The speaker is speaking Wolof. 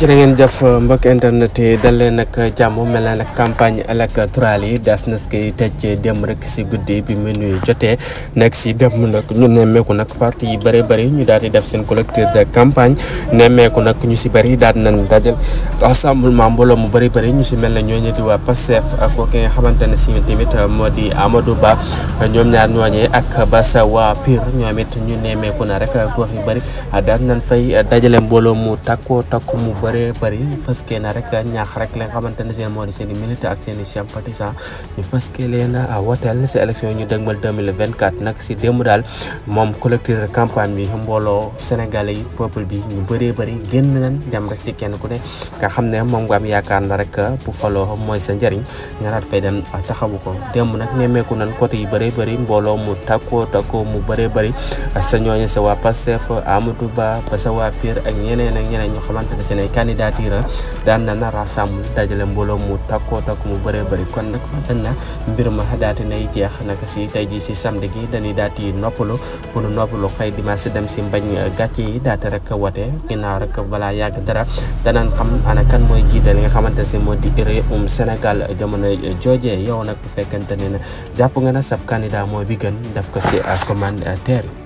jërë ngeen jëf mbokk internet yi dal leen nag jàmm mel na nag campagne électorale yi das na koy tëj dem rek si guddi bi minuit jotee nekk si dem nag ñu nemmeeku nag parti yi bëri bëri ñu daal di def seen collecteur de campagne nemmeeku nag ñu si bëri daal nañ dajal rassemblement mbooloo mu bëri bëri ñu si mel ne ñooñu di waa Pastef ak ki nga xamante ne si tamit moo di Amadou Ba ñoom ñaar ñooñee ak Bassa waa Pire ñoom it ñu nemmeeku na rek gox yu bëri daal nañ fay dajale mbooloo mu takku mu bëri bare ah, bari fas na rek ñaax rek li nga xamante ne seen moo di seen i milita ak seen i sympathisant ñu fas leen a wotel si élection ñu dëgmal 2024 nag si démb daal moom collecteur campagne bi mbooloo sénégalais yi peuple bi ñu bëree bëri génn nañ dem rek ci kenn ku ne ka xam ne moom nga am yaakaar na rek bu faloo mooy sa njariñ nga naat fay dem ah, taxawu ko démb nag nemmeeku nañ côté yi bëree bëri mbooloo mu takko takko mu bëree bëri ah, sa ñooñu sa waa Pastef Amadou Ba ba sa waa Pire ak ñeneen ak ñeneen ñu xamante seen ay candidature dan nana nar a sàmm dajale mbooloo mu takkoo berikan mu bëree bëri kon nag mën nañ na mbir ma daati nay jeex nag si tey ji si samedi gi dañuy daati noppalu bu nu noppalu xëy dimanche dem si mbañ gàcce yi daati rek rek dara xam ana kan nga si di réewum Sénégal jamono joojee yow nag bu fekkente ne jàpp nga na sab candidat mooy bi gën def ko si